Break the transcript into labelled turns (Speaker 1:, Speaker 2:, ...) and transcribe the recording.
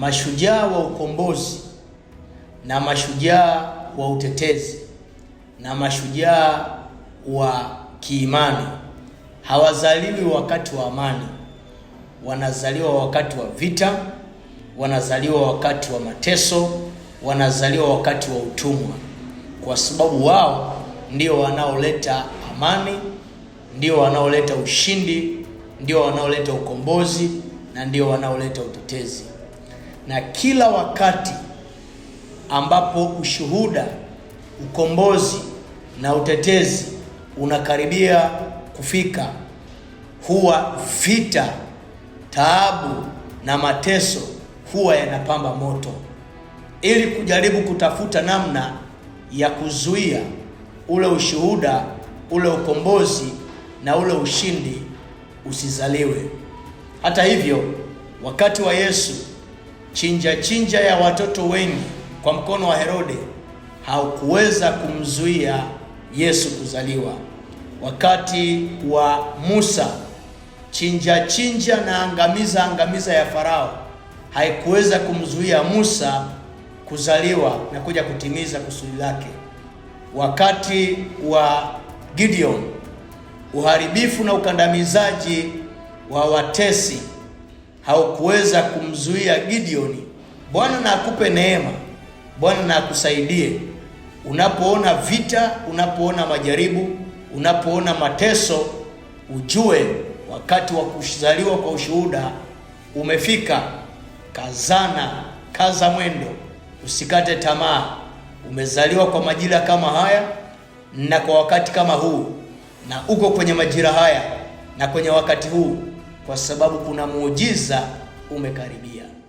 Speaker 1: mashujaa wa ukombozi na mashujaa wa utetezi na mashujaa wa kiimani hawazaliwi wakati wa amani, wanazaliwa wakati wa vita, wanazaliwa wakati wa mateso, wanazaliwa wakati wa utumwa, kwa sababu wao ndio wanaoleta amani, ndio wanaoleta ushindi, ndio wanaoleta ukombozi na ndio wanaoleta utetezi na kila wakati ambapo ushuhuda, ukombozi na utetezi unakaribia kufika, huwa vita, taabu na mateso huwa yanapamba moto ili kujaribu kutafuta namna ya kuzuia ule ushuhuda, ule ukombozi na ule ushindi usizaliwe. Hata hivyo, wakati wa Yesu chinja chinja ya watoto wengi kwa mkono wa Herode haukuweza kumzuia Yesu kuzaliwa. Wakati wa Musa, chinja chinja na angamiza angamiza ya Farao haikuweza kumzuia Musa kuzaliwa na kuja kutimiza kusudi lake. Wakati wa Gideon, uharibifu na ukandamizaji wa watesi haukuweza kumzuia Gideoni. Bwana na akupe neema, Bwana na akusaidie unapoona vita, unapoona majaribu, unapoona mateso, ujue wakati wa kuzaliwa kwa ushuhuda umefika. Kazana, kaza mwendo, usikate tamaa. Umezaliwa kwa majira kama haya na kwa wakati kama huu, na uko kwenye majira haya na kwenye wakati huu kwa sababu kuna muujiza umekaribia.